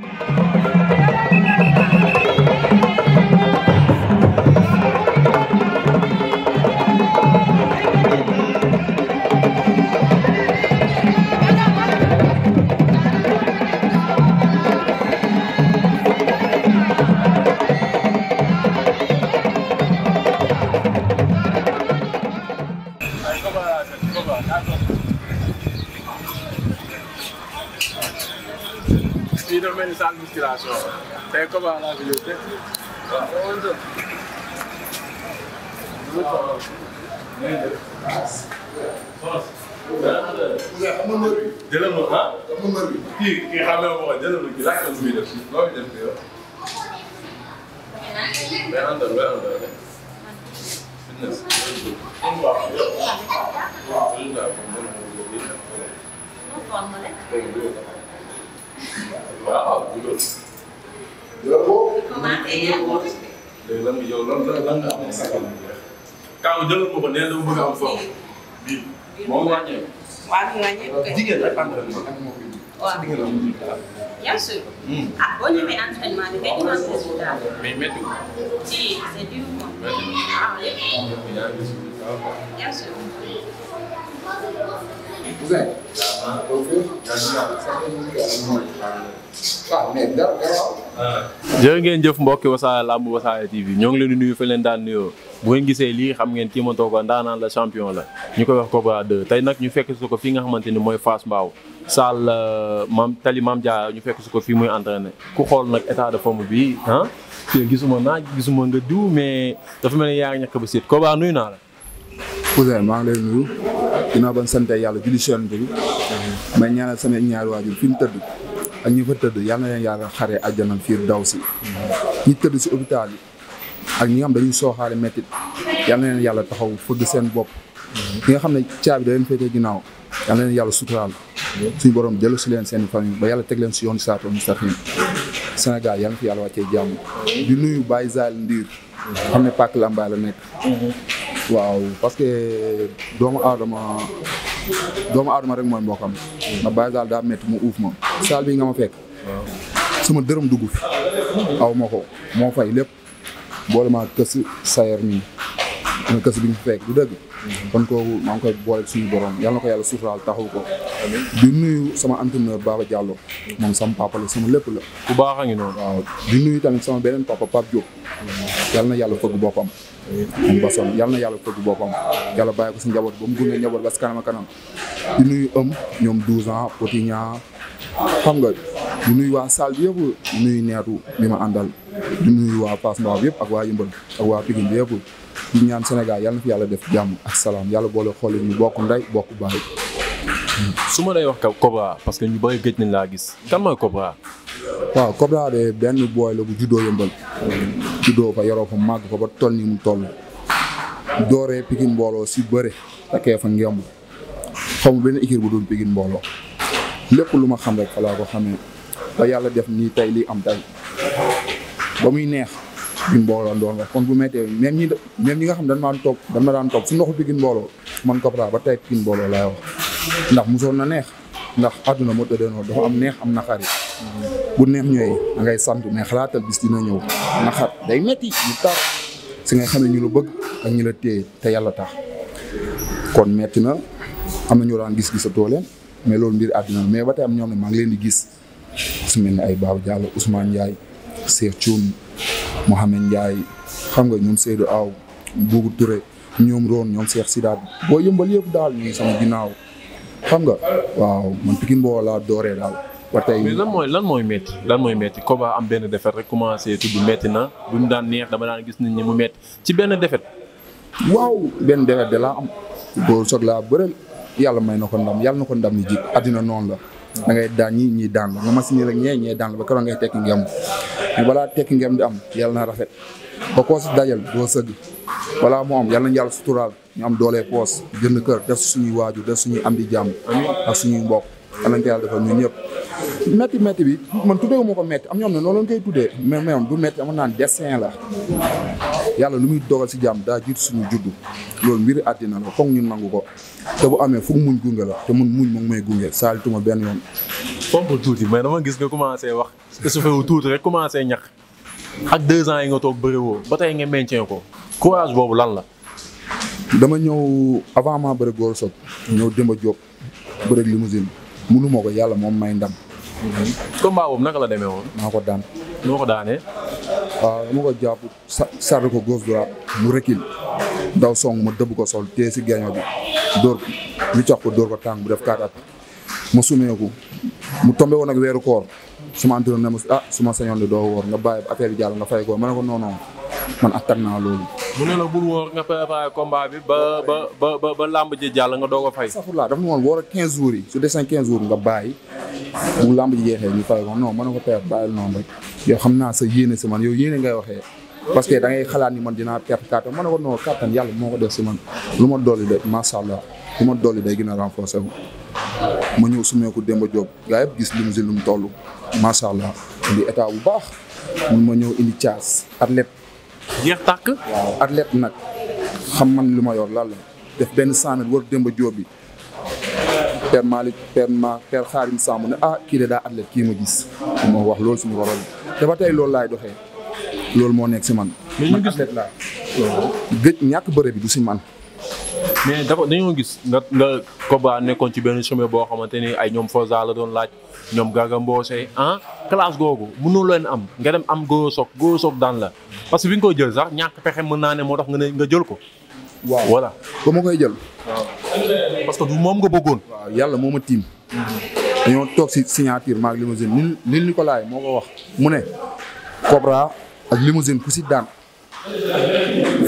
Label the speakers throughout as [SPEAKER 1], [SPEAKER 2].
[SPEAKER 1] Thank you.
[SPEAKER 2] administration tey comment laa fi ñëw tey jëlal ma ah. kii kii xam nga ko jëlal ma kii laaj ko lu muy def loo fi def yow. mais en tout cas fitness. waaw waaw dugal. dugal ko.
[SPEAKER 3] commencé ko.
[SPEAKER 2] léegi lan yow lan lan nga am sakkan bu jeex. Kaaw jëlal ko ko nee dama bëgg am foofu. bii moom wàññeeku.
[SPEAKER 3] waaw wàññeeku
[SPEAKER 2] jigéen rek entraînement ak moo koy
[SPEAKER 3] waaw jigéen la mu bien sûr. ah boo ñëwee entraînement bi fekk naa résultat. mais métti ko. si c'est dur quoi. métti ko. ah lépp. bien sûr. Zane. Ah,
[SPEAKER 2] ngeen jëf mbokki wasaare làmb wasaare TV ñoo ngi leen di nuyu fa leen daan nuyoo bu ngeen gisee lii xam ngeen kii ma ndaanaan la champion la ñu koy wax Cobra tey nag ñu fekk su ko fii nga xamante ni mooy Fass Mbao saal euh, maam tali maam Dia ñu fekk su ko fii muy entraîné ku xool nag état de forme bi ah gisuma naaj gisuma nga diw mais dafa mel ni yaa ngi ñàkk ba siit Cobra nuyu naa la.
[SPEAKER 3] Ousseyn maa ngi lay nuyu. ginnaaw ban sante yàlla julli si yonent bi may ñaanal sama ñaari waajur fi ñu tëdd ak ñi fa tëdd yàlla na leen yàlla xare àjjana fiir daw si ñi tëdd si hôpital yi ak ñi nga xam dañuy sooxaale mettit yàlla na leen yàlla seen bopp ñi nga xam ne caabi da leen féetee ginnaaw yàlla na leen yàlla suturaal suñu borom dellu si leen seen famille ba yàlla teg leen si yoon siraatal mustaqiim Sénégal yàlla na fi yàlla wàccee jàmm di nuyu Baye Zal Ndiir xam ne Pàcc Lambaye la nekk waaw parce que doomu aadama doomu aadama rek mooy mbokkam. ndax Baye Zal daa métti mu uuf ma. saal bi nga ma fekk. suma dërëm dugg fi. aw ma ko moo fay lépp boolema kës sayer mi. na kës bi ñu fekk du dëgg kon kooku maa ngi koy boole suñu borom yal na ko yàlla suutural taxaw ko di nuyu sama entraîneur Baba Diallo moom sama papa la sama lépp la ku baax a ngi noonu waaw di nuyu tamit sama beneen papa Pape Diop yàlla na yàlla fëgg boppam moom bason yàlla na yàlla fëgg boppam yàlla bàyyi ko si njaboot ba mu gunge njaboot ba si kanam a kanam di nuyu ëm ñoom 12 ans Potignan xam nga di nuyu waa salle bi yëpp di nuyu neetu bi ma àndal di nuyu waa Pass Mbao yëpp ak waa Yëmbal ak waa Pikine yëpp di ñaan senegal yàlla na fi yàlla def jàmm ak salaam yàlla boole xool ñu bokk ndey bokk baay.
[SPEAKER 2] su ma lay wax ka Cobra parce que ñu bëri gëj nañ laa gis. kan mooy Cobra.
[SPEAKER 3] waaw Cobra de benn booy la bu juddoo yëmbal. juddoo fa yoroo fa màgg fa ba toll ni mu toll. dooree Pikine mbooloo si bëre. takkee fa ngemb. xaw ma benn équipe bu dul Pikine mbooloo. lépp lu ma xam rek fa laa ko xamee. te yàlla def nii tey lii am tey. ba muy neex. Pikine mbooloo doon rek kon bu méttee même ñi même nga xam dañ maa toog dañ ma daan toog fu ndoxu Pikine mbooloo man Cobra ba tey Pikine mbooloo laay wax ndax musoon na neex ndax àdduna moo tëddee noonu dafa am neex am na yi bu neex ñëwee da ngay sant mais xalaatal bis dina ñëw naqar day métti ñu tar si ngay xam ne ñu la bëgg ak ñu la téye te yàlla tax kon métti na am na ñu daan gis sa leen mais loolu mbir àdduna mais ba tey am ñoom ne maa ngi leen di gis su mel ay Babou Diallo Ousmane Ndiaye Mohamed Ndiaye xam nga ñoom Seydou Aw Bougou Touré ñoom Roon ñoom Cheikh Sidaat boo yëmbal yëpp daal ñu ngi sama ginnaaw xam nga waaw man Pikine boo laa dooree daal. ba tey lan
[SPEAKER 2] mooy lan mooy métti lan mooy metti Koba am benn defet rek commencé tudd metti na bu mu daan neex dama daan gis nit ñi mu métti ci benn
[SPEAKER 3] defet. waaw benn defet de laa am. boo soog laa bëre yàlla may na ko ndam yàlla na ko ndam ni ji addina noonu la. da ngay daan ñi ñuy daan nga mas ni la ñee ñee daan ba keroog ngay tekki ngem mais balaa tekki ngem di am yal na rafet ba koo si dajal doo sëgg balaa moo am yàlla na yàlla suturaal ñu am doolee poos jënd kër def suñuy waajur def suñuy am di jàmm ak suñuy mbokk yàlla na ko yàlla defal ñun ñëpp metti metti bi man tuddee moo ko metti am ñoom ne noonu lañ koy tuddee mais mais du metti ama naan destin la yàlla lu muy dogal si jàmm daa jiitu suñu juddu loolu mbiri àddina la foog ñu nangu ko te bu amee foog muñ gunge la te mun muñ moom may gunge saalituma benn yoon fompul tuuti
[SPEAKER 2] mais dama gis nga commencé wax su fewu tuuti rek commencé ñax ak deux ans yi nga toog bëriwoo ba tey nga maintien ko courage boobu lan la
[SPEAKER 3] dama ñëw avant ma bëri ñëw Demba Diop bëri limousine mënu ma ko yàlla moom may ndam
[SPEAKER 2] Mhm. combat boobu naka la demee woon.
[SPEAKER 3] maa ko daan. nu ko daanee. waaw dama ko jàpp sàrri ko gauche droite mu rekil daw song ma dëbb ko sol téye si geeño bi dóor ko lu ko dóor ko tàng bu def kaat at ma sumeeku mu tombé woon nag weeru koor suma entraîneur ne ma ah suma sañoon li doo woor nga bàyyi affaire bi jàll nga fay ko ma ne ko non non man attan naa loolu. mu
[SPEAKER 2] ne la bul woor nga préparé combat bi ba ba a fay. safurlaa
[SPEAKER 3] dafa ma woon woor ak 15 jours yi su desee 15 jours nga bàyyi ko non ma ne ko père bàyyil noonu rek yow xam naa sa yéene si man yow yéene ngay waxee. parce que da ngay xalaat ni man dinaa perte kàttan ma ne ko non kàttan yàlla moo ko def si man lu ma dolli de macha allah lu ma dolli day gina a renforcer ma ñëw sumeeku Demba Diop gaa yëpp gis lim si lum toll macha allah indi état bu baax mun ma ñëw indi caas athlète. jeex tàkk. waaw athlète nag xam man lu ma yor lan la def benn 100 mètres wër Demba Diop bi. père Malick père ma père Xaarim Samb ne ah kii de daa athlète kii ma gis moo wax loolu suma waral te ba tey loolu laay doxee loolu moo nekk si man. man athlète laa gëj ñàkk bëre bi du si man.
[SPEAKER 2] mais dafa dañoo gis nga nga Koba nekkoon ci benn chemin boo xamante ni ay ñoom Forza la doon laaj ñoom Gaga Mbossé ah classe googu mënoo leen am nga dem am Goro Sock Goro Sock daan la parce que bi nga koy jël sax ñàkk pexe mën naa ne moo tax
[SPEAKER 3] nga ne nga jël ko. waaw voilà ba ma koy jël. waaw parce que moom nga bëggoon. waaw yàlla moo ma tiim. dañoo toog si signature maag limousine ni ni Nicolas moo ko wax mu ne. Cobra ak limousine ku si daan.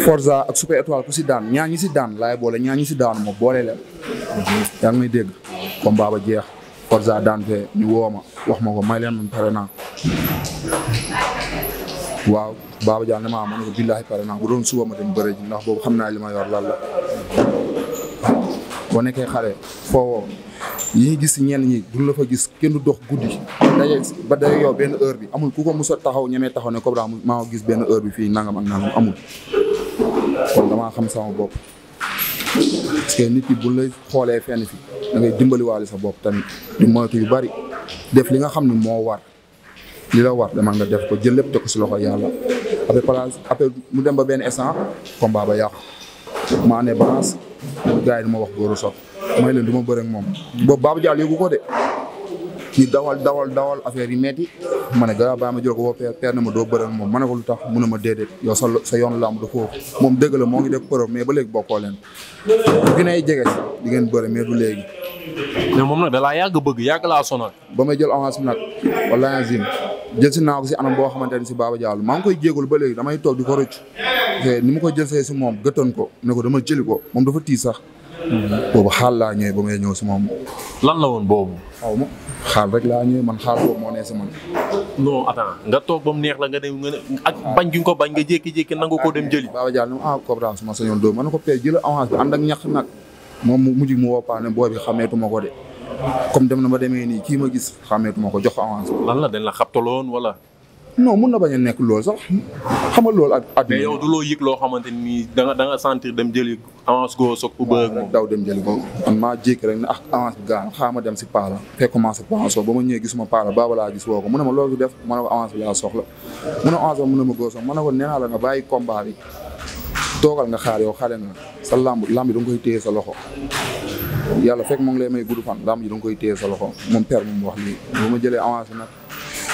[SPEAKER 3] Forza ak Super Étoile ku daan ñaa ñi si daan laay boole ñaa ñi si daanu ma boole la. yaa ngi may dégg. combat ba jeex Forza daan fee ñu woo wax ma ko may leen pare naa waaw Baba Diagne damaa ma ne ko billaahi pare naa bu doon suba ma dem bëre ji ndax boobu xam naa li ma yor lan la boo nekkee foowoo li ñi gis ñenn ñi duñ la fa gis kenn dox guddi daje ba yow benn heure bi amul ku ko mos a taxaw ñemee taxaw ne Cobra maa gis benn heure bi fii nangam ak nangam amul kon damaa xam sama bopp parce que nit ki buñ la xoolee fenn fi da ngay dimbaliwaale sa bopp tamit di moytu yu bari def li nga xam ne moo war li la war dama nga def ko jël lépp teg ko si loxo yàlla après place après mu dem ba benn instant combat ba yàqu maa ne balance gars yi ma wax góor a sot may leen du ma bëre moom boobu Babou Diallo yëgu ko de ñu dawal dawal dawal affaire yi metti ma ne gaa baa ma jël ko woo père na ma doo bëre moom ma ne ko lu tax mu ne ma déedéet yow sa yoon lamb du foofu moom dëgg la moo ngi def preuve mais ba léegi bokkoo leen bu gën ay jege di ngeen bëre mais du léegi
[SPEAKER 2] mais moom nag da laa yàgg bëgg yàgg laa sonal
[SPEAKER 3] ba may jël avance bi nag wala azim jël si naa ko si anam boo xamante ne si Baba Diallo maa ngi koy jégalu ba léegi damay toog di ko rëcc te ni ma ko jël si moom gëtoon ko ne ko dama jëli ko moom dafa tii sax. boobu xaal laa ñëwee ba may ñëw si moom. lan la woon boobu. xaw ma xaal rek laa ñëwee man xaal boobu moo nee si man. non
[SPEAKER 2] attends nga toog ba mu neex la nga dem nga ne ak bañ gi ko bañ nga jékki-jékki nangu koo dem jëli. Baba Diallo
[SPEAKER 3] ah Cobra su ma sañoon dóor ma ne ko pay jël avance bi ànd ak ñax nag moom mu mujj mu woo Pane booy bi xameetuma ko de comme dem na ba demee nii kii ma gis xàmmeetu ma ko jox ko avance.
[SPEAKER 2] la dañ la xabtaloon
[SPEAKER 3] wala. non mun na bañ a nekk loolu sax xam nga loolu. at mais
[SPEAKER 2] loo yëg loo xamante ni da nga da nga sentir dem jëli avance goo soog. oubien dem jëli
[SPEAKER 3] ko man maa jékki rek ne ah avance bi gaa xaaral ma dem si Paala. fee commencé paasoo ba ma ñëwee gisuma Paala baaba laa gis woo ko mun ne ma loolu def ma ne ko avance bi laa soxla mu ne avance ma goo soxla ma ne ko nee la nga bàyyi combat bi toogal nga xaar yow xale nga sa lamb lambi bi da koy téye sa loxo. yàlla fekk mu ngi lay may gudd fan lamb ji da koy téye sa loxo moom père moom wax lii bu ma jëlee avancé nag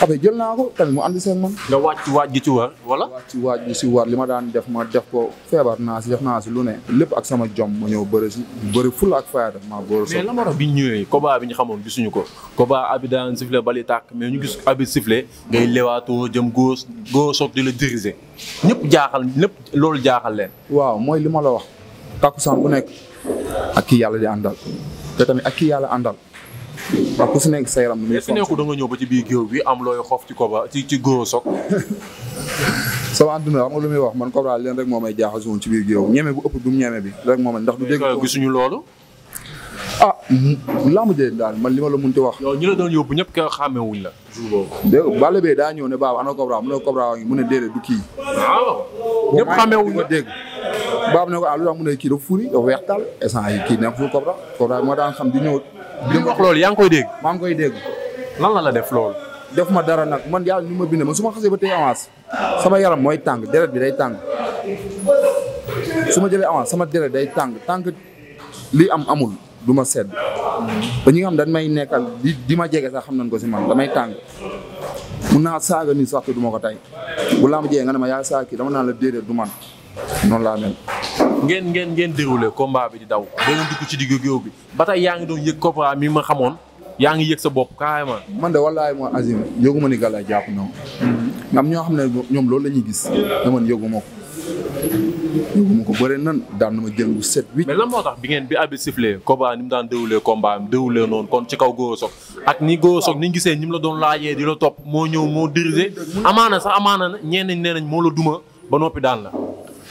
[SPEAKER 3] après jël naa ko tamit mu ànd seeg man. nga wàcc waaj gi wala. wàcc waaj gi si war li ma daan def ma def ko feebar naa si def naa si lu ne. lépp ak sama jom ma ñëw bëri si bëri ful ak faya ma maa boole. la ma wax bi
[SPEAKER 2] ñu ñëwee combat bi ñu xamoon gisuñu ko combat abi daan sifflé bali tàkk mais ñu gis abi sifflé ngay lewaatoo jëm góos góosoog di la diriger ñëpp jaaxal ñëpp loolu jaaxal leen.
[SPEAKER 3] waaw mooy li ma la wax takkusaan bu nekk. ak ki yàlla di àndal te tamit ak ki yàlla àndal ndax ku si nekk sa yaram. muy foofu
[SPEAKER 2] da nga ñëw ba ci biir géew bi am looy xof ci Cobra
[SPEAKER 3] ci ci Gora Sock. sama àdduna xam nga lu muy wax man Cobra leen rek moo may jaaxal ci biir géew ñeme bu ëpp du mu ñeme bi rek moo ndax. du dégg gisuñu loolu. ah mm-hmm. laamu jëlee daal man li ma la mënti wax. yow ñu la doon ñëpp ka xàmme la. jour boobu daa ñëw ne Baba ana Cobra mu ne Cobra waa ngi mu ne déedéet du kii. waaw ñëpp xàmme wuñ la dégg. Baba ne ko ah lu tax mu ne kii dafa furi dafa weex taal instant yi kii nekk fu Cobra Cobra moo daan xam di ñëw. di wax loolu yaa ngi koy dégg. maa ngi koy dégg. lan la la def loolu. def ma dara nag man yàlla ñu ma bind man su ma xasee ba tey avance sama yaram mooy tàng deret bi day tàng su ma jëlee avance sama deret day tàng tàng li am amul du ma sedd ba ñu nga xam dañ may nekkal di ma jege sax xam nañ ko si man damay tàng mun naa saaga ni sax du ma ko tey bu laa ma jege nga ne ma yaa saaga kii dama naa la déedéet du man noonu laa
[SPEAKER 2] mel. ngeen ngeen ngeen déroulé combat bi di daw ba nga dugg ci digg géew bi ba tey yaa ngi doon yëg Cobra mi ma xamoon yaa ngi yëg sa bopp carrément.
[SPEAKER 3] man de wallaahi moo azim yëgu ma ni gàllankoor jàpp na mm-hmm. am ñoo xam ne ñoom loolu la ñuy gis dama yëgu ma ko. yóbbu ma ko bëre nan daan na ma jël bu set huit. mais lan moo
[SPEAKER 2] tax bi ngeen bi abi sifflé combat ni mu daan déwulee combat am déwulee noonu kon ci kaw Gora Sock ak ni Gora Sock ni ñu gisee ni mu la doon laajee di la topp moo ñëw moo dirigé amaana sax amaana ñenn ñi nee nañ moo la duma ba noppi daan la.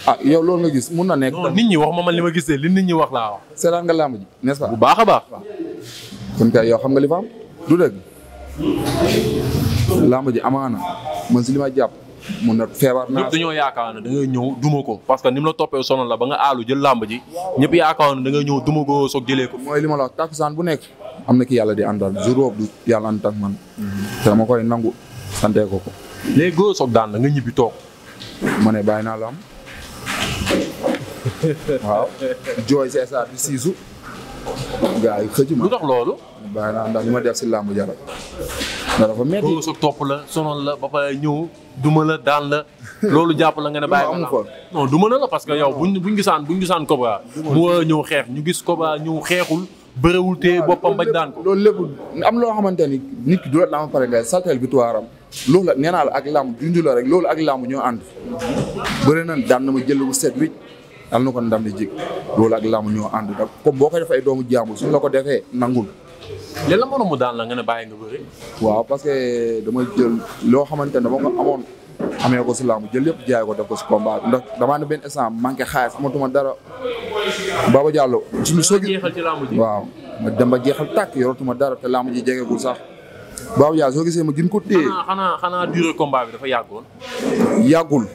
[SPEAKER 3] ah yow loolu nga gis mun na nekk. non nit ñi wax ma man li ma gisee li nit ñi wax laa wax. seetaan nga làmb ji nest bu baax a baax. kon kay yow xam nga li fa du dëgg ji amaana man si li ma jàpp. mun na feebar naa. ñëpp dañoo
[SPEAKER 2] yaakaar ne da ngay ñëw duma ko parce que ni mu la toppee sono la ba nga aalu jël làmb ji ñëpp yaakaar ne da ñëw duma ko soog jëlee ko. mooy li ma la wax takkusaan bu nekk
[SPEAKER 3] am na ki yàlla di àndal jour boobu du man. dama koy nangu sante ko ko. léegi góor soog daan la nga ñibbi toog. ma ne bàyyi naa la am waaw jooy si stade siisu. gaa yi xëcc ma lu tax loolu. bàyyi ma def si làmb jaral. ndax dafa métti loolu sa topp la sonal la
[SPEAKER 2] ba pare ñëw duma la daan la loolu jàpp la nga ne bàyyi ma non duma la la parce que yow buñ buñ gisaan buñ gisaan Cobra. mu war a ñëw xeex ñu gis Cobra ñëw xeexul. bërëwul te
[SPEAKER 3] boppam bañ daan ko. loolu lépp am loo xamante ni nit du la daan pare ngay saltel victoire am loolu ak làmb junj la rek loolu ak làmb ñoo ànd. bëri na daan na ma jël bu set wicc al na ko ndam di jig loolu ak làmb ñoo ànd nag comme boo ko def doomu jàmbur suñu la ko defee nangul.
[SPEAKER 2] léegi la mënoon mu daan la nga ne bàyyi nga bëri.
[SPEAKER 3] waaw parce que dama jël loo xamante ne dama ko amoon amee ko si làmb jël lépp jaay ko def ko si combat ndax damaa ne benn instant manqué xaalis amatuma dara Baba Diallo. suñu soog jeexal ci làmb waaw ma dem ba jeexal tàkk yoratuma dara te làmb ji jegegul sax. Baba Diallo soo gisee ma gin ko téye. xanaa
[SPEAKER 2] xanaa xanaa durée bi dafa yàggoon.
[SPEAKER 3] yàggul.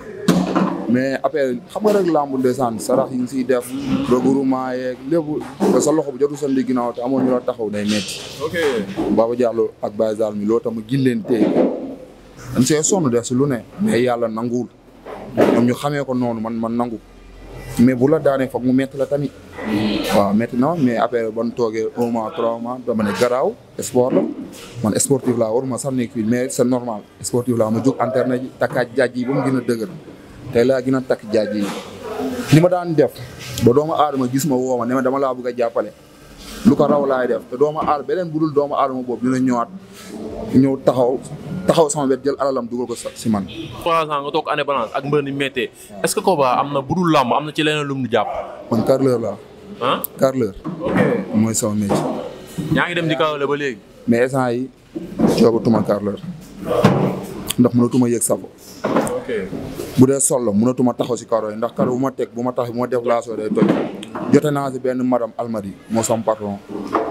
[SPEAKER 3] mais après xam nga rek lambu ndeysaan sarax yi ngi siy def regroupement yeeg lépp sa loxo bu jotu seen di ginnaaw te amoo ñu la taxaw day metti ok Baba ak Baye Zal mi loo ma gilleen tey dañ see sonn def si lu ne mais yàlla nanguwul ñoom ñu xamee ko noonu man man nangu mais bu la daanee foog mu métti la tamit waaw métti mais après ban toogee un mois trois mois dama ne garaaw sport la man sportif laa waruma sax nekk fii mais c'est normal sportif laa ma jóg internet ji takkaaj jaaj yi ba mu gën a dëgër tey laa gën a takk jaaj yi li ma daan def ba doomu aadama gis ma woo ma ne ma dama laa bëgg a jàppale lu ko raw laay def te doomu aadama beneen bu dul doomu aadama boobu dina ñëwaat ñëw taxaw taxaw sama wet jël alalam dugal ko si man.
[SPEAKER 2] trois ans nga toog année balance ak mbër ni méttee est-ce que Cobra am na bu dul làmb am na ci leneen
[SPEAKER 3] lu mu jàpp. man carreleur laa. ah carreleur. ok mooy sama métier. ñaa ngi dem di Kaolack ba léegi. mais instant yi joogatuma carreleur ndax mënatuma yëg safo bu dee sol la mënatuma taxaw si karo yi ndax karo bu ma teg bu ma tax bu ma déplacé day toj jote naa si benn madame almadi moo sam patron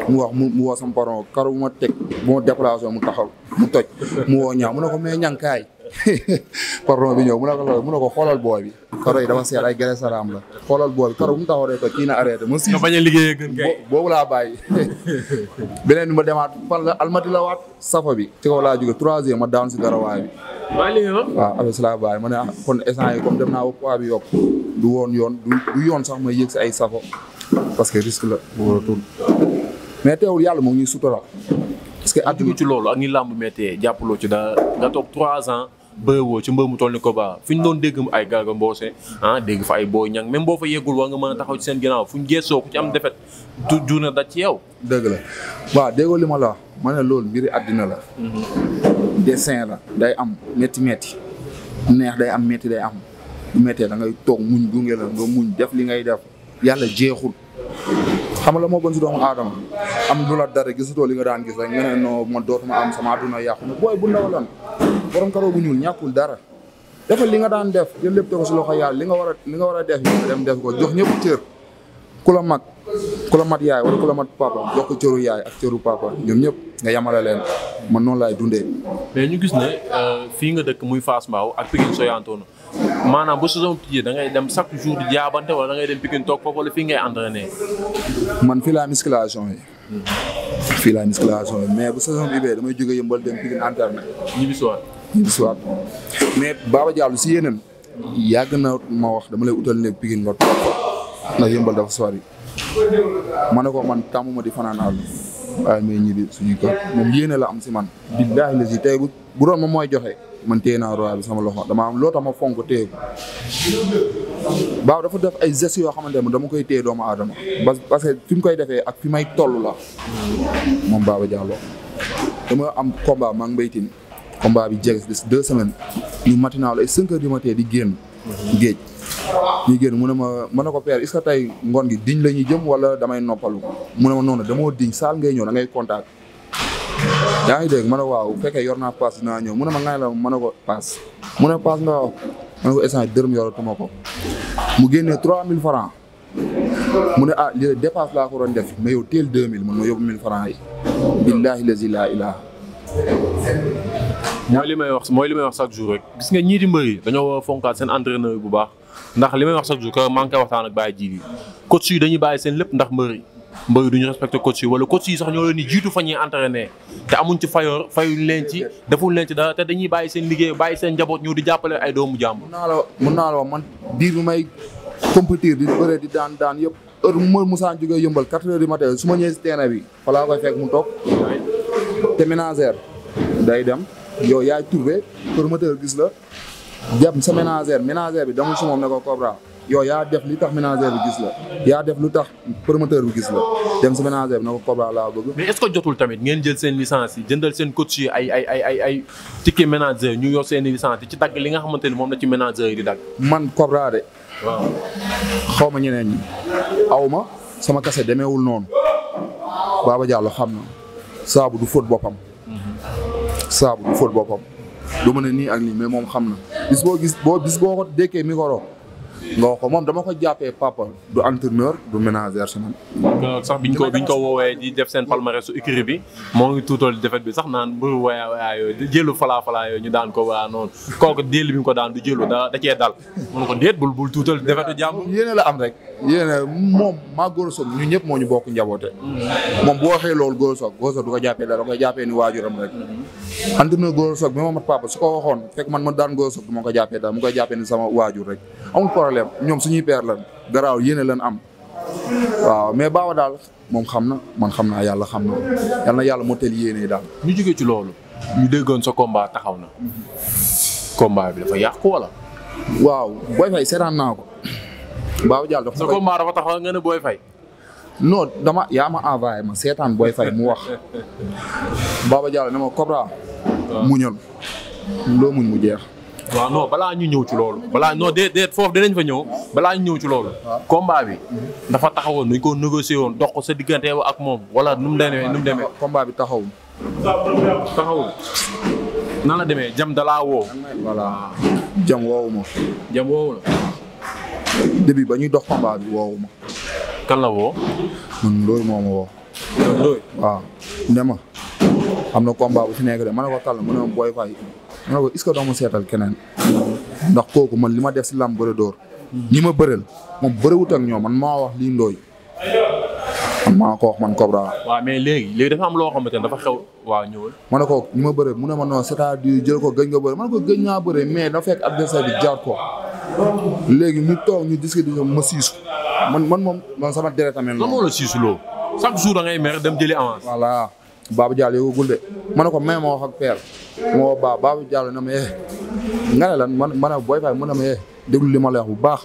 [SPEAKER 3] mu wax mu woo sam patron karo bu ma teg bu ma déplacé mu taxaw mu toj mu woo ñaaw mu ne ko mais ñànkaay patron bi ñëw mu ne ko loolu mu ne ko xoolal booy bi karo yi dafa seet ay gere saraam la xoolal booy bi bu mu taxaw day toj kii na arrêté ma si nga bañ a liggéeyee gën kay boobu laa bàyyi beneen bi ma demaat fan la almadi la waat safa bi ci ko laa jóge troisième ma daan si garawaay waaw li nga waaw ma ne ah, kon instant yi comme dem naa ba poids woon yoon yoon sax may si ay safo parce que risque la bu war yàlla moo ngi
[SPEAKER 2] que àdduna ci loolu ak ñi làmb méttee jàppaloo ci dara nga toog trois ans bëriwoo ci mbër mu toll ko baa fi ñu doon dégg ay Garga Mbossé ah dégg fa ay Boy Niang même boo fa yeggul war nga mën a taxaw ci seen ginnaaw fu ñu geesoo ku ci am defet ci yow
[SPEAKER 3] dëgg la waaw déggoo li ma la ma ne loolu mbiri àddina la mhm. dessin la day am métti métti neex day am métti day am bu méttee da ngay toog muñ gunge la nga muñ def li ngay def yàlla jeexul xam nga la moo gën si doomu aadama am du la dara gisutoo li nga daan gis rek nga ma non man dootuma am sama adduna yàqu na booy bu ndaw lan borom karoo bu ñuul ñàkkul dara defal li nga daan def jël ko si loxo yàlla li nga war a li nga war a def dem def ko jox ñëpp cër ku la mag ku la mat yaay wala ku la mat papa jox ko cëru yaay ak cëru papa ñoom ñëpp nga yamala leen man noonu laay dundee. mais ñu gis ne euh, fii
[SPEAKER 2] nga dëkk muy Fass Mbao ak Pikine soyantoon maanaam bu saison tijjee da ngay dem chaque jour di jaabante wala da ngay dem Pikine toog foofu fii ngay entraîné.
[SPEAKER 3] man fii laa musculation yi. fii laa musculation yi mais bu saison bi bee damay jóge yëmbal dem Pikine entraîné. ñibbi si waat ñibbi si mais Baba Diallo si yeneen. yàgg na ma wax dama lay utal ne Pikine nga toog ndax yëmbal dafa sori. ma ne ko man tàmmuma di fanaanaal waaye may ñibbi suñu kër moom yéene la am si man billaahi la si tey bu bu doon moom mooy joxe man téye naa royal bi sama loxo dama am loo tax ma fonk dafa def ay gestes yoo xamante ne dama koy téye doomu aadama parce que fi mu koy defee ak fi may tollu la moom Baba Diallo dama am combat maa ngi baytin bi jege de deux semaines ñu matinaaw la ay cinq heures du matin di génn géej ñuy génn mu ne ma mën na ko père est que tey ngoon gi diñ la ñuy jëm wala damay noppalu mu ne ma noonu damoo diñ saal ngay ñëw da ngay contact yaa ngi dégg ma ne waaw bu fekkee yor naa paas naa ñëw mu ne ma ngay la ma a ko paas mu ne paas nga wax ma ne ko essence dërëm yoratuma ko mu génnee 3000 francs mu ne ah lii dépasse laa ko doon def mais yow teel 2000 man ma yóbbu 1000 francs yi billaahi lazi laa ilaaha mooy li may wax mooy li may
[SPEAKER 2] wax chaque jour rek gis nga ñii di mbër yi dañoo war ndax li may wax chaque jour que maa ngi koy waxtaan ak Baye Djili coach yi dañuy bàyyi seen lépp ndax mbëri mbëri duñu respecté coach yi wala coach yi sax ñoo leen di jiitu fa ñuy entraîné te amuñ ci fayoor fayuñ leen ci defuñ leen ci dara te dañuy bàyyi seen liggéey bàyyi seen njaboot ñëw di jàppale ay doomu jàmbur.
[SPEAKER 3] mun naa la mun naa la wax man diir bi may compétir di bëre daan daan yëpp heure mu ma musaan jógee yëmbal quatre heures du matin su ma ñëwee si terrain bi fa laa koy fekk mu toog te ménagère day dem yow gis la jàpp sa ménagère ménagère bi demul si moom ne ko Cobra yow yaa def li tax ménagère bi gis la yaa def lu tax promoteur bi gis la dem sa ménagère bi ne ko Cobra laa bëgg. mais
[SPEAKER 2] est-ce que jotul tamit ngeen jël seen licence yi jëndal seen coach yi ay tikki ay ay ay ñu yor seen i licence yi ci dagg li nga xamante ni moom la ci ménagère yi di dagg.
[SPEAKER 3] man Cobra de. waaw xaw ma ñeneen ñi aw ma sama kase demeewul noonu Baba Diallo xam na saabu du fóot boppam. Mhm. saabu du fóot boppam. du ma ne nii ak nii mais moom xam na bis boo gis boo bis boo ko dekkee micro nga wax ko moom dama ko jàppee papa du entraîneur du ménagère si man.
[SPEAKER 2] sax biñ ko biñ ko woowee di def seen palmarès su écurie bi moo ngi tuutal defet bi sax naan bu waya waya yooyu jëlu falaa falaa yooyu ñu daan ko waa
[SPEAKER 3] noonu kooku déll bi ñu ko daan du jëlu da da cee dal mun ko déet bul bul tuutal defetu jàmm. yéene la am rek yéene moom maa góor soog ñun ñëpp moo ñu bokk njaboote. moom boo waxee loolu góor soog du ko jàppee dara da jàppee ni waajuram rek. ànd na góor soog bi ma mat papa su ko waxoon fekk man ma daan góor soog du ma ko jàppee daal mu koy jàppee ni sama waajur rek amul problème ñoom suñuy peer la garaaw yéene lan am waaw mais baawa daal moom xam na man xam naa yàlla xam na yàlla na yàlla moo teel yéene daal. ñu jógee ci loolu. ñu déggoon sa kombaa taxaw na. combat bi dafa yàqu wala. waaw Boy Faye seetaan naa ko. baaw jàll dafa sa combat dafa taxaw nga ne Boy fay no dama yaa ma envoyé ma seetaan booy Faye mu wax Baba Diallo ne ma Cobra muñal loo muñ mu jeex
[SPEAKER 2] waaw non balaa ñu ñëw ci loolu balaa non déet déet foofu fa ñëw balaa ñu ñëw ci loolu combat bi dafa taxawoon nuñ ko négocier woon dox sa diggante ak moom wala nu mu demee nu mu demee kombaa bi taxawul taxawul nan demee jam dalaa woo
[SPEAKER 3] ah. jam woowu ma ba ñuy dox combat bi woowu kan la woo. man Ndoye moo ma woo. Ndoye ne ma am na combat bu fi nekk de ma ne ko kàll mu ne ma booy fay ma ne ko est seetal keneen ndax kooku man li ma def si làmb bëre ñi ma bëreel moom bëriwut ak ñoom man maa wax lii ndooy man maa koo wax man Cobra.
[SPEAKER 2] waa mais léegi léegi dafa am loo xamante ne dafa xew waa ñëwal.
[SPEAKER 3] ma ne ko ñi ma bëreel mu ne ma non c'est-à-dire jël ko gëj nga bëre ma ne ko gëj naa bëre mais dafa fekk adversaire bi jaar ko léegi ñu toog ñu man man moom man sama deret tamit noonu. lan moo la siisuloo chaque jour da dem jëli avance. voilà Babou Diallo yëgul de ma ne ko may moo wax ak père ma woo Ba Babou Diallo na ma yee eh. nga ne lan man ma ne Boy mu ne ma yee eh, li ma la wax bu baax.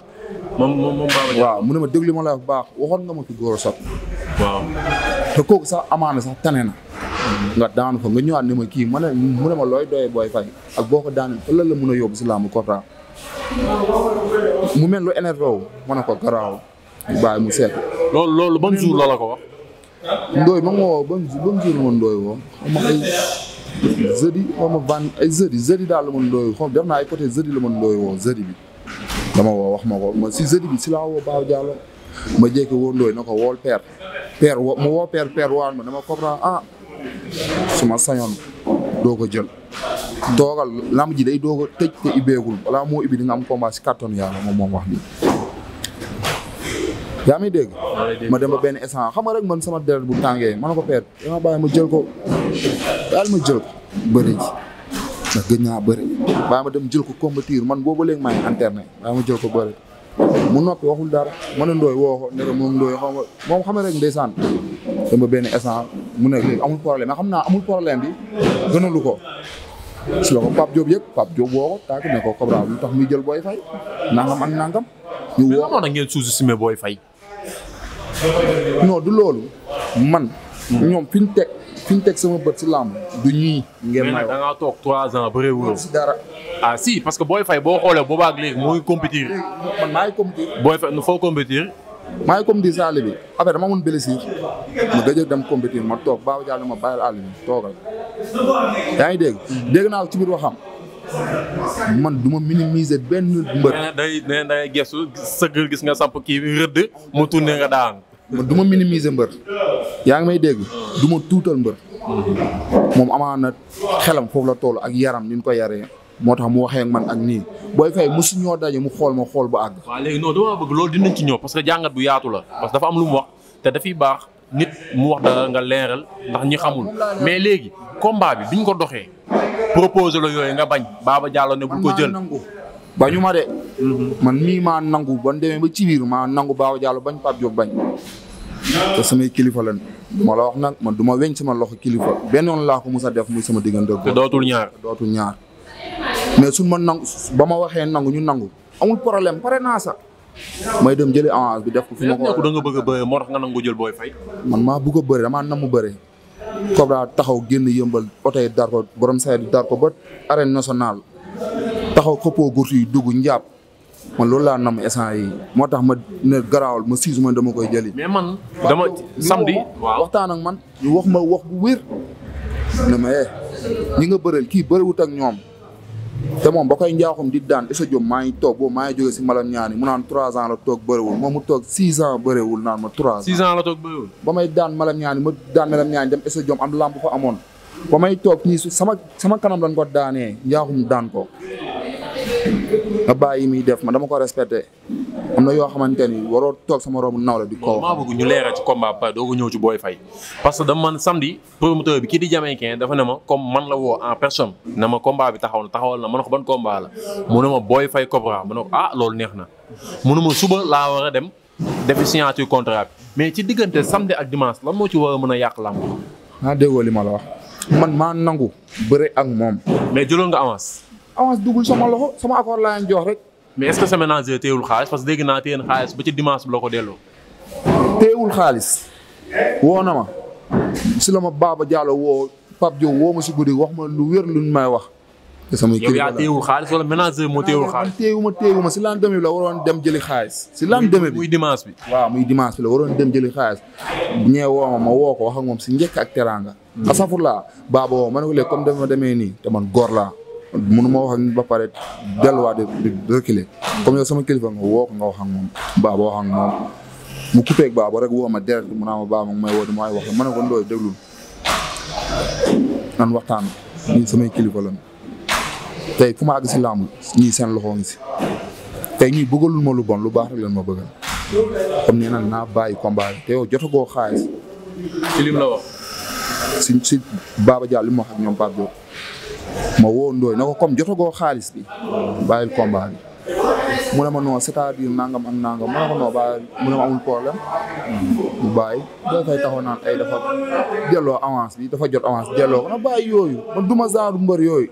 [SPEAKER 3] moom waaw mu ne ma déglu li ma la wax bu baax waxoon nga ma fi góor a sot. waaw te kooku sax amaana sax tane na. nga daan ko nga ñëwaat ne ma kii ma ne mu ne ma looy doyee Boy Faye ak boo ko daanee fa lan la mën a yóbbu si laamu Kota. mu mel lu énervé wu ma ne ko garaaw. ñu bàyyi mu seet. lool loolu ban jour la la ko wax. Ndoye ma nga ban ban jour ma Ndoye woo xam nga daal la ma Ndoye naa ay côté jeudi la ma Ndoye woo jeudi bi dama woo wax ma ko ma si jeudi bi si laa woo Baaw Diallo ma jékki woo Ndoye na ko wool père père woo ma woo père père waan ma dama comprendre ah su ma sañoon doo ko jël. doogal lamb ji day doogo a te ibbeegul balaa moo ibbi di nga am combat si kattanu yàlla moom wax bi yaa ngi dégg ma dem ba benn instant xam nga rek man sama deret bu tàngee ma ne ko peer dama ma jël ko bàyyi ma jël ko bëri ji ndax gëj naa bëri bàyyi ma dem jël ko combattre man boobu léegi maa ngi interné ma jël ko bëri mu noppi waxul dara ma ne ndooy woo ko ne ko moom xam nga moom xam rek benn instant mu ne léegi amul xam naa amul problème bi gënalu ko su la ko Pape Diop yëg Pape Diop woo ko tàgg ne ko Cobra lu tax muy jël booy fay nangam ak nangam
[SPEAKER 2] ñu woo nag ngeen
[SPEAKER 3] sous-estimé booy fay non du loolu man. ñoom fi ñu fi ñu teg sama bët si làmb du ñii.
[SPEAKER 2] ngeen may da ngaa toog trois ans bëree wóor si dara. ah si parce que booy Faye boo xoolee boobaa ak léegi muy compétir. man maay compétir. Boy foo compétir.
[SPEAKER 3] maa ngi compétir sa àll bi après dama mun blessure ma gëj dem compétir ma toog baaw jàll ma bàyyil àll bi toogal yaa ngi dégg. Mm-hmm. dégg naa ci biir waxam man du ma minimiser benn mbër. nee
[SPEAKER 2] na day nee na gis nga samp kii
[SPEAKER 3] rëdd mu tourné nga daan. man du minimiser mbër. yaa ngi may dégg du ma tuutal mbër. moom amaa na xelam foofu la toll ak yaram ni ñu ko yare moo tax mu waxee man ak nii booy fay mosu ñoo daje mu xool ma xool bu àgg.
[SPEAKER 2] waaw léegi non loolu dinañ ci ñëw parce que jàngat bu yaatu la parce que dafa am lu mu wax te dafiy baax nit mu wax dara nga leeral ndax ñi xamul mais léegi combat bi bi ñu ko doxee proposé la yooyu nga bañ baaba Diallo
[SPEAKER 3] ne bu ko jël. bañu ma de. Mhm. man mii maa nangu ban demee ba ci biir maa nangu baaw jàll bañ Pape Diop bañ. te samay kilifa lan ma la wax na man du ma weñ sama loxo kilifa benn yoon laa ko mus a def muy sama diggante. te dootul ñaar dootul ñaar. mais suñ ma nangu ba ma waxee nangu ñu nangu amul problème pare naa sax may dem jëli avance bi def da nga
[SPEAKER 2] bëgg a bëre moo tax nga nangu jël booy
[SPEAKER 3] man maa bëgg a bëre damaa namu bëre. Cobra taxaw génn yëmbal oto yi dar borom saa yi ko ba arène nationale. taxaw xëppoo gurtu yi dugg njàpp ma loolu laa nam essence yi moo tax ma ne garaawal ma siis ma dama koy jëli. mais man
[SPEAKER 2] dama samedi
[SPEAKER 3] waaw waxtaan ak man ñu wax ma wax bu wér. ne ma eh ñi nga bëreel kii bëriwut ak ñoom te moom ba koy njaaxum di daan Issa Diop maa ngi toog boobu maa ngi jógee si malam ñaani mu naan trois ans la toog bëriwul moom mu toog six ans bëriwul naan ma trois ans. six ans la toog bëriwul. ba may daan malam ñaani ma daan malam ñaani dem Issa Diop am lamb fa amoon ba may toog nii sama sama kanam lañ ko daanee njaaxum daan ko. nga bàyyi muy def ma dama ko respecté am na yoo xamante ni waroo toog sama romb naw la di ko maa bëgg
[SPEAKER 2] ñu leeral ci combat ba doo ko ñëw ci Boy Faye parce que dama man samedi promoteur bi kii di Jamaïcain dafa ne ma comme man la woo en personne na ma combat bi taxaw na taxawal na ma ne ko ban combat la mu ne ma Boy Faye Cobra ko ah loolu neex na mu ma suba laa war a dem defi signature contrat bi mais ci diggante samedi ak dimanche lan moo ci war a mën a yàq làmb
[SPEAKER 3] ah, li ma la wax man maa nangu bëre ak moom mais avance dugul sama loxo sama accord laa leen jox rek.
[SPEAKER 2] mais est-ce xaalis parce que dégg naa téyeen xaalis ba ci dimanche
[SPEAKER 3] bi la ko delloo. téyewul xaalis. woo na ma. si la ma Baba Diallo woo Pape Diop woo ma wax ma lu wér luñ may wax. te sama kii yow yaa
[SPEAKER 2] xaalis wala ménager moo téyewul xaalis.
[SPEAKER 3] ma téyewu ma si lan demi bi la waroon dem jëli xaalis. si lan demi bi muy dimanche bi. waaw muy dimanche la waroon dem jëli xaalis. ñee woo ma woo ko wax moom si njëkk ak teraanga. Hmm. asafurlaa Baba woo ma ne ko léegi comme dama demee nii te man góor laa mënu ma wax ak nit ba pare delluwaat di reculer comme yow sama kilifa nga woo ko nga wax moom baa ba moom mu coupé ak baa rek woo ma direct mu naa ma baa ma may woo di ma ay wax ma ne waxtaan ñii samay kilifa lañ ma àgg si làmb ñii seen loxo ngi si tey ma lu bon lu baax rek lan ma na naa bàyyi combat bi te yow jotagoo xaalis. ci lim la wax. si si Baba Diallo li mu ñoom Pape Diop. ma woo Ndoye na ko comme jotagoo xaalis bi bàyyil combat bi mu ne ma non c'est-à-dire nangam ak mu ne ma amul problème bu bàyyi doo fay taxaw naan ay dafa delloo avance bi dafa jot avance delloo na bàyyi yooyu man du ma genre mbër yooyu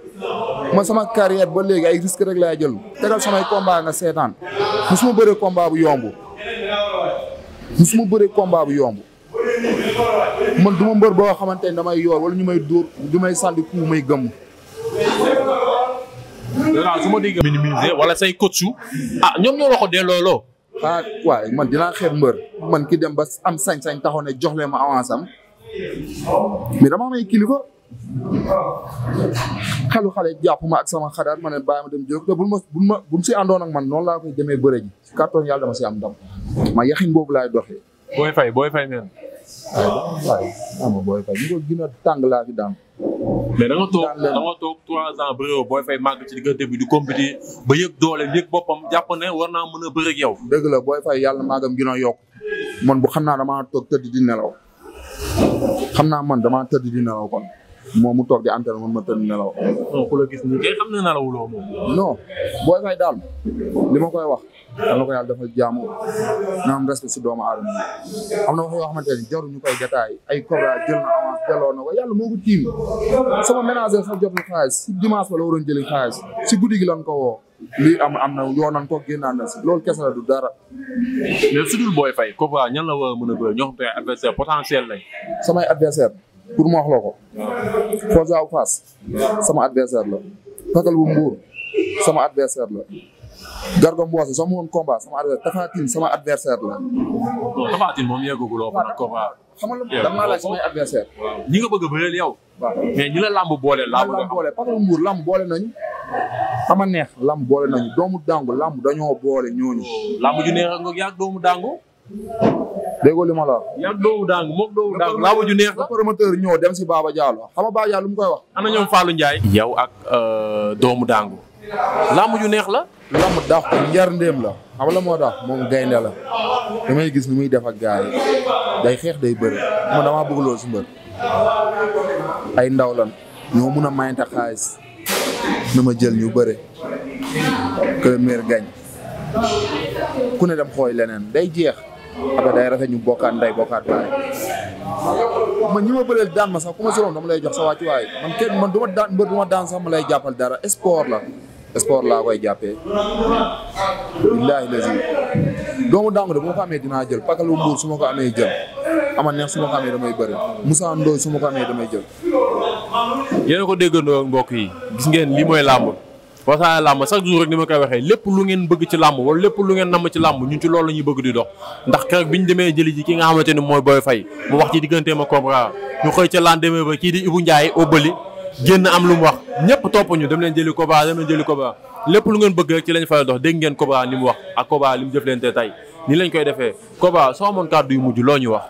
[SPEAKER 3] ma sama carrière ba léegi ay risque rek laay jël tegal samay combat nga seetaan musuma bëree combat bu yomb musuma bëree combat bu yomb man du ma mbër boo xamante ne damay yoor wala ñu may dóor du may sànni ku may gëmm su ma déggee minimiser wala say coach ah ñoom ñoo la ko delloo ah waaye man dinaa xeeb mbër man ki dem ba am sañ-sañ taxaw ne jox leen ma avance am mais dama may kilifa xalu xale jàpp ma ak sama xadaat ma ne ma dem jóg te ma buñ ma buñ si àndoon man noonu laa koy demee bëre ji am ndam ma yaxin boobu laay doxee. booy fay booy fay neen. Ah, waaye ama booy fay tàng laa fi daan. mais da nga toog da nga
[SPEAKER 2] toog trois booy fay màgg ci diggante bi di compétir ba yëg dooleem yëg boppam jàpp ne war naa mën a bëre ak yow
[SPEAKER 3] dëgg la booy fay yàlla màggam gi noo yokk man bu xam naa damaa toog tëdd di nelaw xam naa man damaa tëdd di nelaw kon moom mu toog di antenne moom ma tëdd di nelaw ku la gis nii kay xam ne
[SPEAKER 2] nelawuloo moom
[SPEAKER 3] non booy fay daal li koy wax am na ko yàlla dafa jaamu na respect si doomu aadama am na wax yoo xamante ne jarul ñu ay Cobra jël na na ko yàlla moo ko tiim sama ménager sax jot na xaalis si dimanche ba la waroon jëli xaalis si guddi ko woo lii am am na yoon nañ ko génnaan na si loolu kese du dara. mais
[SPEAKER 2] su dul Boy Faye Cobra ñan la war a mën a bëri ñoo xam te adversaire potentiel lañ.
[SPEAKER 3] samay adversaire pour mu wax la ko. Forza Fass sama adversaire la. Pakal bu Mbour sama adversaire la. Garga Mbossé sama woon combat sama adversaire Tapha Tine sama la. non Tapha
[SPEAKER 2] moom yeggagul woon nag combat. xam nga dama laaj samay adversaire bëgg a bëreel mais ñi la lamb boole. lamb boole
[SPEAKER 3] parce que Mbour lamb boole nañu. ama neex lamb boole nañu doomu dangu lamb dañoo boole ñooñu. lamb ju neex
[SPEAKER 2] nga yàgg doomu dangu.
[SPEAKER 3] déggoo li ma la wax. yàgg doomu dangu moom doomu dangu lamb ju neex. promoteur ñëw dem si Baba Diallo xam nga Baba Diallo mu koy wax.
[SPEAKER 2] ana ñoom Fallou Ndiaye. yow ak euh, doomu dangu.
[SPEAKER 3] làmb ju neex la. làmb daax ko njar la xam la moo tax moom gaynde la damay gis ni muy def ak gars yi day xeex day bëri man damaa bëgg loolu si mbër ay ndaw lan ñoo mun a mayante xaalis na ma jël ñu bëre que le maire gañ ku ne dem xooy leneen day jeex après day rafet ñu bokkaat nday bokkaat baay man ñi ma bëreel daan ma sax ku ma dama lay jox sa wàccuwaay man kenn man du daan sax ma lay jàppal dara sport la sport laa koy jàppee billaahi lazi doomu Dangote bu ma ko amee dinaa jël pakalu mbuur su ma ko amee jël ama neex su ma ko amee damay bëri Moussa Ndoye su ma ko amee damay jël
[SPEAKER 2] yéena ko déggandoo mbokk yi gis ngeen lii mooy làmb Wassare làmb chaque jour rek ni koy waxee lépp lu ngeen bëgg ci làmb wala lépp lu ngeen namm ci làmb ñu ci loolu la ñuy bëgg di dox ndax keroog bi ñu demee jëli ji ki nga xamante ni mooy booy fay mu wax ci digganteem ak Cobra ñu xëy ca lendemain ba kii di Ibou njaay Obali génn am lu mu wax ñépp topp ñu dem leen jëli Koba dem leen jëli Koba lépp lu ngeen bëgg rek ci lañ fay dox dégg ngeen Koba li mu wax ak Koba li mu jëflante tey ni lañ koy defee
[SPEAKER 3] kobaa soo amoon kàddu yu mujj loo ñu wax.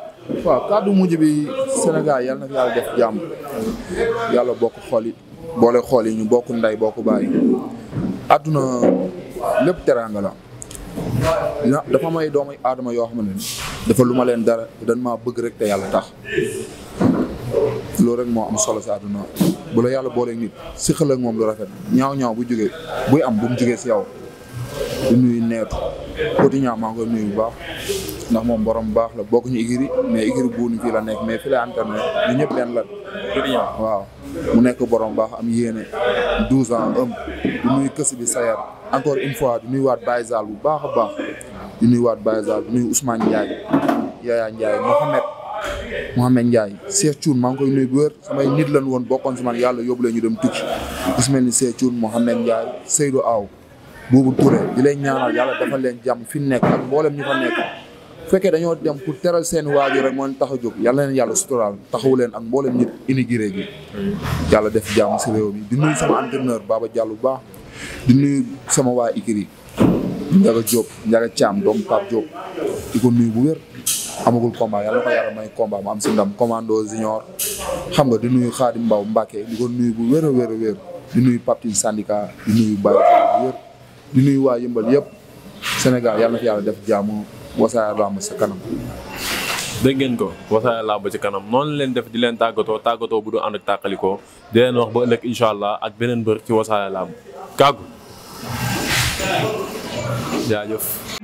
[SPEAKER 3] waaw kàddu mujj bi Sénégal yal na yàlla def jàmm yàlla bokk xol yi boole xool ñu bokk nday bokk baay àdduna lépp teraanga la na dafa may doomu aadama yoo xam ne dafa lu ma leen dara dañ maa bëgg rek te yàlla tax loolu rek solo si bu yàlla booleeg nit si xel ak moom lu rafet ñaaw ñaaw bu jógee buy am bu mu jógee si yow di nuyu neetu poti ñaaw maa ngi bu baax ndax moom borom baax la bokk ñu igiri mais igiri buunu fii la nekk mais fi la antenne ñu ñëpp benn la waaw mu nekk borom baax am yéene douze ans am di nuyu kës bi sayar encore une fois du nuyu waat Baye Zal bu baax a baax di nuyu waat Baye Zal di nuyu Ousmane Ndiaye Yaya Ndiaye Mohamed Mouhamed Ndiaye seet Thioune maa ngi koy nuyu bu wér samay nit lan woon bokkoon si man yàlla yóbbu leen ñu dem tukki gis mel ni Cheikh Thioune Mouhamed Ndiaye Seydou Aw boobu Touré di leen ñaanal yàlla dafa leen jàmm fi nekk ak mboolem ñu fa nekk fekkee dañoo dem pour teral seen waajur rek moo leen tax a jóg yalla leen yàlla suturaal taxawu leen ak mboolem nit immigré gi yàlla def jàmm si réew mi di nuyu sama entraîneur Baba Diallo bu baax di nuyu sama waa Ikiri Ndiaga Diop Ndiaga Thiam doomu Pape Diop di ko nuyu bu wér amagul combat yàlla ko may combat mu am si ndam commando junior xam nga di nuy Xaadim Mbaw Mbàkke di ko nuyu bu wér a wér a wér di nuyu Papine Sandika di nuyu Baye bu wér di nuyu waa yëmbal yëpp Sénégal yàlla ko yàlla def jaamu Wassare Lamb sa kanam
[SPEAKER 2] dégg ngeen ko Wassare Lamb ci kanam noonu leen def di leen tàggatoo tàggatoo bu du ànd ak tàqalikoo di leen wax ba ëllëg incha allah ak beneen mbër ci Wassare Lamb kàggu jaajëf